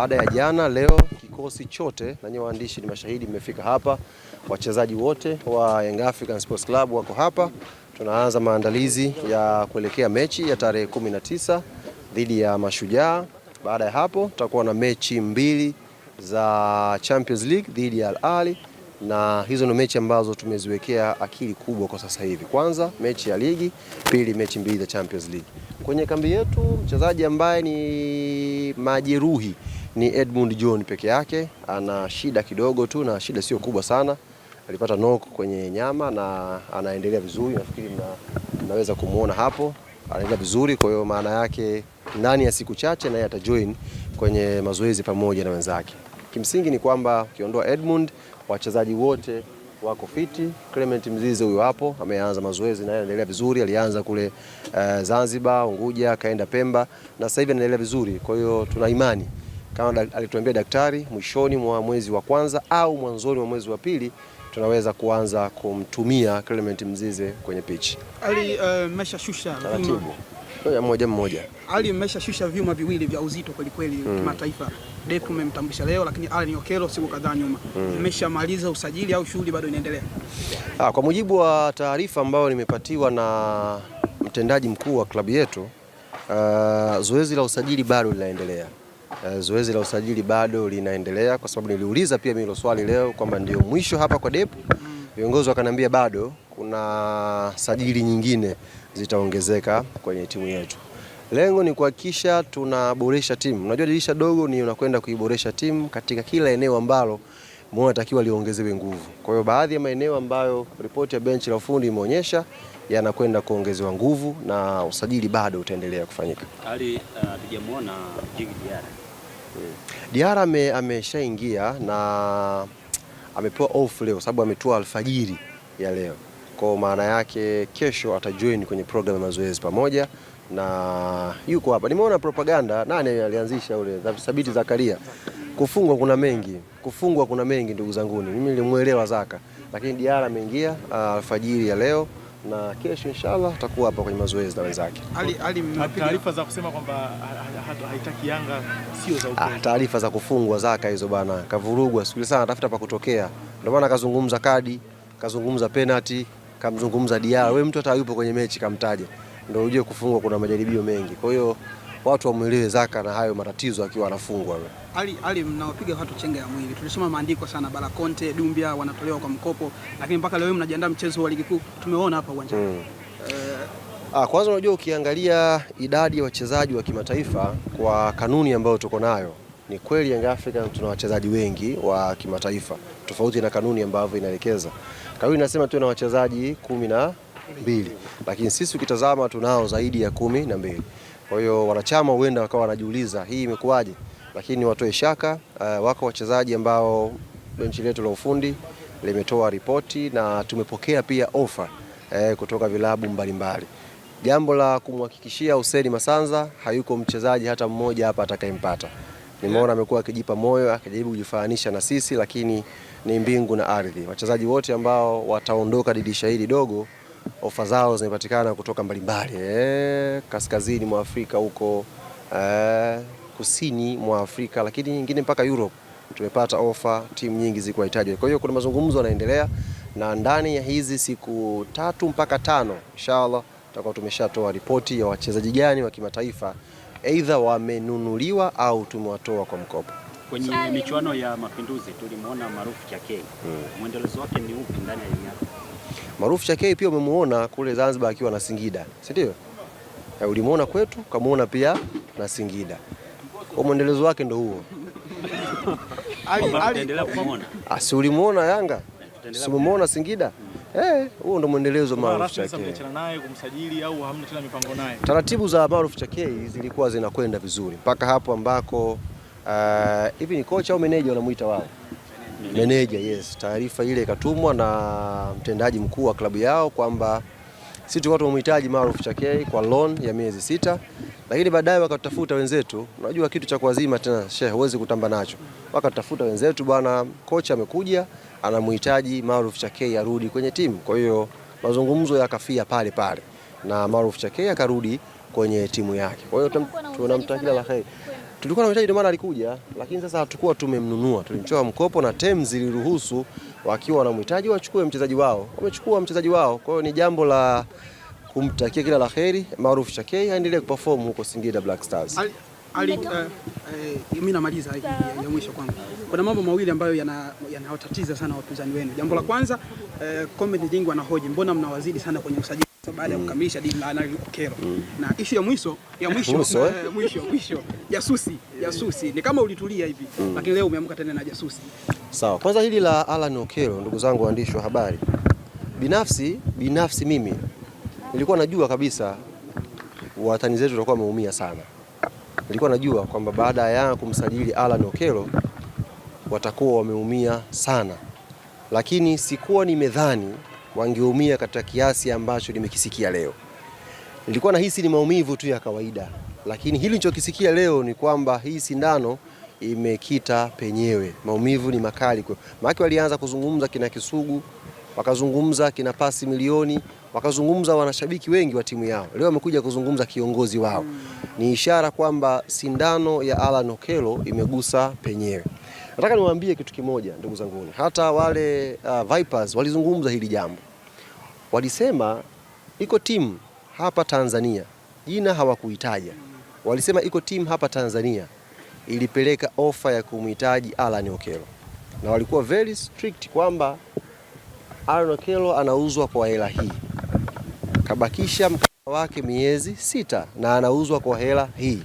Baada ya jana, leo kikosi chote na nyewe waandishi ni mashahidi, mmefika hapa. Wachezaji wote wa Young African Sports Club wako hapa. Tunaanza maandalizi ya kuelekea mechi ya tarehe 19 dhidi ya Mashujaa. Baada ya hapo, tutakuwa na mechi mbili za Champions League dhidi ya Al Ahly, na hizo ni mechi ambazo tumeziwekea akili kubwa kwa sasa hivi. Kwanza mechi ya ligi, pili mechi mbili za Champions League. Kwenye kambi yetu mchezaji ambaye ni majeruhi ni Edmund John peke yake ana shida kidogo tu, na shida sio kubwa sana. Alipata knock kwenye nyama na anaendelea vizuri, nafikiri mna, mnaweza kumuona hapo, anaendelea vizuri. Kwa hiyo maana yake ndani ya siku chache naye atajoin kwenye mazoezi pamoja na wenzake. Kimsingi ni kwamba ukiondoa Edmund, wachezaji wote wako fiti. Clement Mzize huyo hapo ameanza mazoezi na anaendelea vizuri, alianza kule uh, Zanzibar, Unguja, kaenda Pemba na sasa hivi anaendelea vizuri, kwa hiyo tuna imani kama alituambia daktari, mwishoni mwa mwezi wa kwanza au mwanzoni mwa mwezi wa pili tunaweza kuanza kumtumia Clement Mzize kwenye pitch. Ali ameshashusha eh, uh, taratibu mmoja mmoja. Ali ameshashusha vyuma viwili vya uzito kweli kweli mm. kimataifa. Mm. umemtambulisha leo, lakini Allan Okello siku kadhaa nyuma ameshamaliza mm. usajili au shughuli bado inaendelea? Ah, kwa mujibu wa taarifa ambayo nimepatiwa na mtendaji mkuu wa klabu yetu, uh, zoezi la usajili bado linaendelea. Eh, zoezi la usajili bado linaendelea, kwa sababu niliuliza pia mimi hilo swali leo kwamba ndio mwisho hapa kwa depu. Viongozi wakaniambia bado kuna sajili nyingine zitaongezeka kwenye timu yetu. Lengo ni kuhakikisha tunaboresha timu. Unajua dirisha dogo ni unakwenda kuiboresha timu katika kila eneo ambalo natakiwa liongezewe nguvu. Kwa hiyo baadhi ya maeneo ambayo ripoti ya benchi la ufundi imeonyesha yanakwenda kuongezewa nguvu na usajili bado utaendelea kufanyika. Hali ah, hatujamwona Djigui Diarra. Mm. Diara ameshaingia na amepewa off leo sababu ametua alfajiri ya leo. Kwa maana yake kesho atajoin kwenye program ya mazoezi pamoja na yuko hapa. Nimeona propaganda nani alianzisha ule Thabiti Zakaria. Kufungwa kuna mengi, kufungwa kuna mengi ndugu zanguni. Mimi nilimuelewa Zaka, lakini Diara ameingia uh, alfajiri ya leo na kesho inshallah atakuwa hapa kwenye mazoezi na wenzake. Taarifa za kusema kwamba haitaki Yanga sio za ah, ukweli. Taarifa za kufungwa zaka hizo bana, kavurugwa sikuli sana, tafuta pa kutokea. Ndio maana kazungumza kadi, kazungumza penalty, kamzungumza Diara. Wewe mtu hata yupo kwenye mechi kamtaja, ndio ujue kufungwa kuna majaribio mengi, kwa hiyo watu wamwelewe Zaka na hayo matatizo akiwa anafungwa. Ali, ali mnawapiga watu chenga ya mwili. Tulisoma maandiko sana Bala Conte, Dumbia wanatolewa kwa mkopo, lakini mpaka leo mnajiandaa mchezo wa ligi kuu, tumeona hapa uwanjani hmm. Uh, kwanza unajua ukiangalia idadi ya wachezaji wa kimataifa kwa kanuni ambayo tuko nayo ni kweli Young Africans tuna wachezaji wengi wa kimataifa tofauti na kanuni ambavyo inaelekeza. Kanuni inasema tuwe na wachezaji kumi na mbili, lakini sisi ukitazama tunao zaidi ya kumi na mbili. Kwa hiyo wanachama huenda wakawa wanajiuliza hii imekuwaje, lakini watoe shaka. Uh, wako wachezaji ambao benchi letu la ufundi limetoa ripoti na tumepokea pia ofa eh, kutoka vilabu mbalimbali. Jambo la kumhakikishia useni Masanza, hayuko mchezaji hata mmoja hapa atakayempata. Nimeona amekuwa akijipa moyo akijaribu kujifananisha na sisi, lakini ni mbingu na ardhi. Wachezaji wote ambao wataondoka dirisha hili dogo ofa zao zimepatikana kutoka mbalimbali eh, kaskazini mwa Afrika huko eh, kusini mwa Afrika, lakini nyingine mpaka Europe tumepata ofa, timu nyingi zikuwahitaji. Kwa hiyo kuna mazungumzo yanaendelea, na ndani ya hizi siku tatu mpaka tano inshallah tutakuwa tumeshatoa ripoti ya wachezaji gani wa kimataifa aidha wamenunuliwa au tumewatoa kwa mkopo. Kwenye michuano ya Mapinduzi tulimwona maarufu Chake, hmm. mwendelezo wake ni upi ndani ya Maarufu Chakei pia umemuona kule Zanzibar akiwa na Singida, si ndio? Eh, ulimuona kwetu, kamuona pia na Singida. Kwa mwendelezo wake ndio huo. Ah, si ulimuona Yanga, si umemuona Singida? Eh, huo ndo mwendelezo Maarufu Chakei. Taratibu za Maarufu Chakei zilikuwa zinakwenda vizuri mpaka hapo ambako eh, hivi uh, ni kocha au meneja wanamuita wao meneja yes, taarifa ile ikatumwa na mtendaji mkuu wa klabu yao kwamba sisi tulikuwa tumemhitaji Maruf Chakei kwa loan ya miezi sita, lakini baadaye wakatafuta wenzetu. Unajua kitu cha kuazima tena, shehe, huwezi kutamba nacho. Wakatafuta wenzetu, bwana kocha amekuja anamhitaji Maruf Chakei arudi kwenye timu. Kwa hiyo mazungumzo yakafia pale pale na Maruf Chakei akarudi kwenye timu yake. Kwa hiyo tunamtakia la heri tulikuwa na mtaji ndio maana alikuja, lakini sasa hatukuwa tumemnunua, tulimchoa mkopo na tem ziliruhusu wakiwa wanamhitaji wachukue mchezaji wao, wamechukua mchezaji wao. Kwa hiyo ni jambo la kumtakia kila la heri maarufu Chakei aendelee kuperform huko Singida Black Stars. Ali, ali, uh, uh, mimi namaliza ya, ya mwisho kwangu. Kuna mambo mawili ambayo yanawatatiza yana sana wapinzani wenu. Jambo la kwanza uh, eh, Jingwa na hoji, mbona mnawazidi sana kwenye usajili baada ya mm. kukamilisha dili la kero mm. na ishu ya mwisho ya mwisho mwisho eh? Eh, mwisho mwisho jasusi jasusi ni kama ulitulia hivi mm. lakini leo umeamka tena na jasusi. Sawa, kwanza hili la Alan Okero, ndugu zangu waandishi wa habari, binafsi binafsi mimi nilikuwa najua kabisa watani zetu watakuwa wameumia sana. Nilikuwa najua kwamba baada ya kumsajili Alan Okero watakuwa wameumia sana, lakini sikuwa nimedhani wangeumia katika kiasi ambacho nimekisikia leo. Nilikuwa nahisi ni maumivu tu ya kawaida, lakini hili nilichokisikia leo ni kwamba hii sindano imekita penyewe. Maumivu ni makali kwa maana, walianza kuzungumza kina Kisugu, wakazungumza kina pasi milioni, wakazungumza wanashabiki wengi wa timu yao. Leo amekuja kuzungumza kiongozi wao, ni ishara kwamba sindano ya Alan Okello imegusa penyewe. Nataka niwaambie kitu kimoja ndugu zanguni, hata wale uh, Vipers walizungumza hili jambo, walisema iko timu hapa Tanzania, jina hawakuitaja, walisema iko timu hapa Tanzania ilipeleka ofa ya kumhitaji Alan Okello na walikuwa very strict kwamba Alan Okello anauzwa kwa hela hii, kabakisha mkataba wake miezi sita na anauzwa kwa hela hii.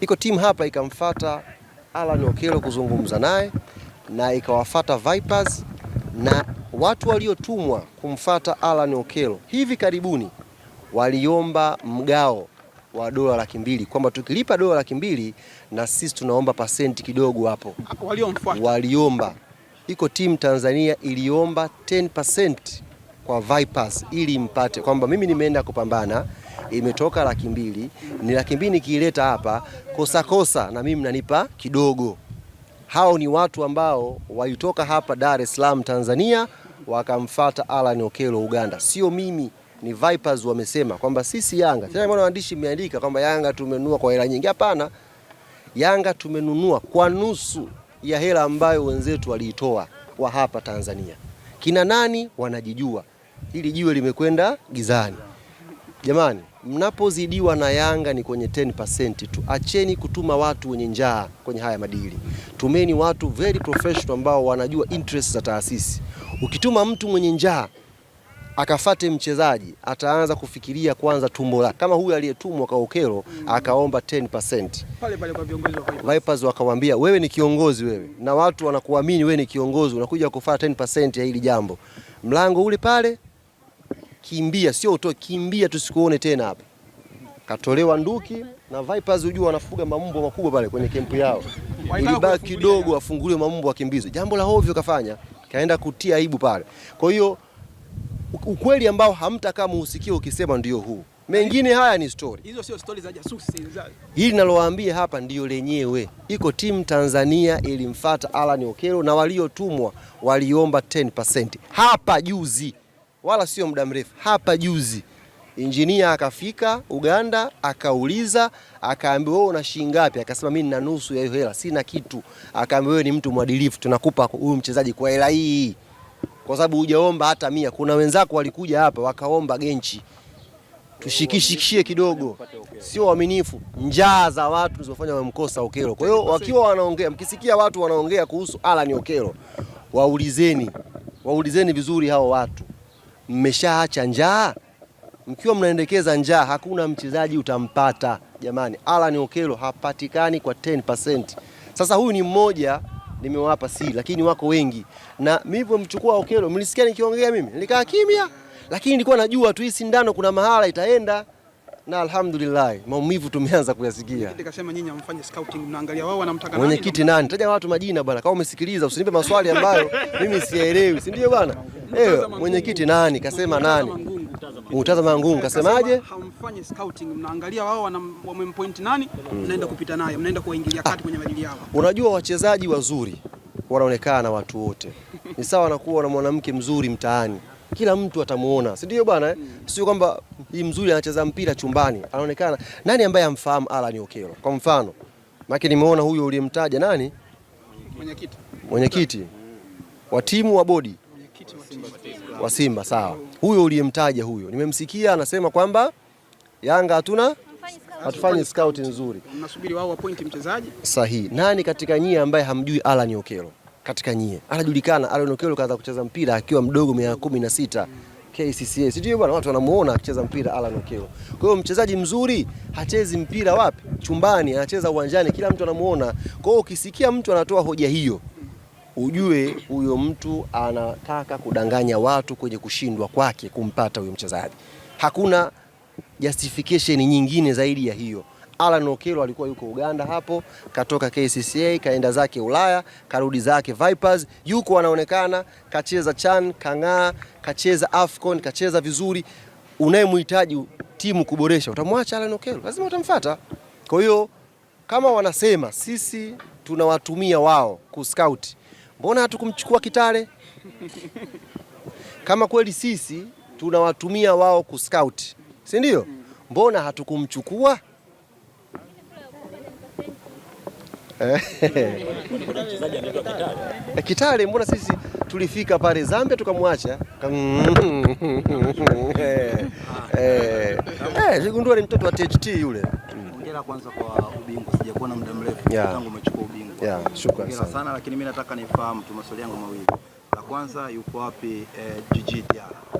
Iko timu hapa ikamfata Alan Okello kuzungumza naye na ikawafata Vipers na watu waliotumwa kumfata Alan Okello hivi karibuni waliomba mgao wa dola laki mbili kwamba tukilipa dola laki mbili na sisi tunaomba pasenti kidogo hapo. Waliomfuata waliomba, iko timu Tanzania iliomba 10% kwa Vipers ili mpate kwamba mimi nimeenda kupambana imetoka laki mbili, ni laki mbili nikiileta hapa kosa kosa, na mimi mnanipa kidogo. Hao ni watu ambao walitoka hapa Dar es Salaam Tanzania wakamfata Alan Okelo Uganda, sio mimi. Ni Vipers wamesema kwamba sisi Yanga tena, mbona waandishi mmeandika kwamba Yanga tumenunua kwa hela nyingi? Hapana, Yanga tumenunua kwa nusu ya hela ambayo wenzetu waliitoa wa hapa Tanzania. Kina nani wanajijua, hili jiwe limekwenda gizani. Jamani, mnapozidiwa na Yanga ni kwenye 10% tu. Acheni kutuma watu wenye njaa kwenye haya madili, tumeni watu very professional ambao wanajua interest za taasisi. Ukituma mtu mwenye njaa akafate mchezaji, ataanza kufikiria kwanza tumbo lake, kama huyu aliyetumwa kwa akaomba 10%. Pale pale kwa viongozi wa Vipers wakamwambia wewe ni kiongozi wewe, na watu wanakuamini wewe ni kiongozi, unakuja kufata 10% ya hili jambo, mlango ule pale kimbia, sio utoe, kimbia, tusikuone tena hapa. Katolewa Nduki na Vipers, ujua wanafuga mambo makubwa pale kwenye kempu yao, ilibaki kidogo afunguliwe mambo akimbizwe. Jambo la hovyo kafanya, kaenda kutia aibu pale. Kwa hiyo ukweli ambao hamtakaa muhusikie ukisema ndio huu, mengine haya ni story. Hizo sio story za jasusi. Hili nalowaambia hapa ndio lenyewe. Iko timu Tanzania ilimfuata Alan Okelo na waliotumwa waliomba 10% hapa juzi wala sio muda mrefu hapa juzi injinia akafika Uganda akauliza, akaambiwa wewe una shilingi ngapi? Akasema mimi nina nusu ya hiyo hela, sina kitu. Akaambiwa wewe ni mtu mwadilifu, tunakupa huyu mchezaji kwa hela hii, kwa sababu hujaomba hata mia. Kuna wenzako walikuja hapa wakaomba genchi, tushikishikishie kidogo, sio waaminifu. Njaa za watu zilizofanya wamemkosa Okelo. Kwa hiyo wakiwa wanaongea, mkisikia watu wanaongea kuhusu Alan Okelo, waulizeni, waulizeni vizuri hao watu mmeshaacha njaa. Mkiwa mnaendekeza njaa, hakuna mchezaji utampata jamani. Alan Okelo hapatikani kwa 10%. Sasa huyu ni mmoja nimewapa si, lakini wako wengi, na mlivyomchukua Okelo mlisikia nikiongea mimi, nilikaa kimya, lakini nilikuwa najua tu hii sindano kuna mahala itaenda na alhamdulillah maumivu tumeanza kuyasikia. Nikasema nyinyi mfanye scouting, mnaangalia wao wanamtaka nani? Mwenyekiti nani? Taja watu majina bwana, kama umesikiliza usinipe maswali ambayo mimi siyaelewi, si ndio bwana? Eh, mwenyekiti nani? Kasema nani? Utazama ngungu kasemaje? Hamfanye scouting, mnaangalia wao wamempoint nani, hmm. mnaenda kupita naye, mnaenda kuwaingilia kati kwenye majili yao. Unajua wachezaji wazuri wanaonekana na watu wote, ni sawa na kuwa na mwanamke mzuri mtaani kila mtu atamuona, si ndio bwana eh? Mm. Sio kwamba hii mzuri anacheza mpira chumbani, anaonekana nani ambaye amfahamu Alan Okello kwa mfano, maana nimeona huyo uliyemtaja nani, mwenyekiti mwenyekiti wa timu wa bodi wa Simba, sawa. Huyo uliyemtaja huyo, nimemsikia anasema kwamba Yanga hatuna hatufanyi scout nzuri. Mnasubiri wao appoint mchezaji sahihi. Nani katika nyie ambaye hamjui Alan Okello? katika nyie. Anajulikana Aaron Okello kaanza kucheza mpira akiwa mdogo miaka kumi na sita KCCA. Sijui bwana watu wanamuona akicheza mpira Aaron Okello. Kwa hiyo mchezaji mzuri hachezi mpira wapi? Chumbani, anacheza uwanjani, kila mtu anamuona. Kwa hiyo ukisikia mtu anatoa hoja hiyo, ujue huyo mtu anataka kudanganya watu kwenye kushindwa kwake kumpata huyo mchezaji. Hakuna justification nyingine zaidi ya hiyo. Alan Okelo alikuwa yuko Uganda hapo, katoka KCCA kaenda zake Ulaya, karudi zake Vipers, yuko anaonekana, kacheza CHAN, kang'aa, kacheza AFCON, kacheza vizuri. Unayemhitaji timu kuboresha, utamwacha Alan Okelo? Lazima utamfuata. Kwa hiyo kama wanasema sisi tunawatumia wao scout, mbona hatukumchukua Kitale? Kama kweli sisi tunawatumia wao scout, si ndio? Mbona hatukumchukua Eh, Kitale, mbona sisi tulifika pale Zambia tukamwacha Zigundua eh, eh, ni mtoto wa THT yule. Hongera kwanza kwa ubingwa, sijakuwa muda mrefu tangu umechukua ubingwa. Shukrani sana, lakini mimi nataka nifahamu tu maswali yangu mawili. La kwanza, yuko wapi Djigui Diarra?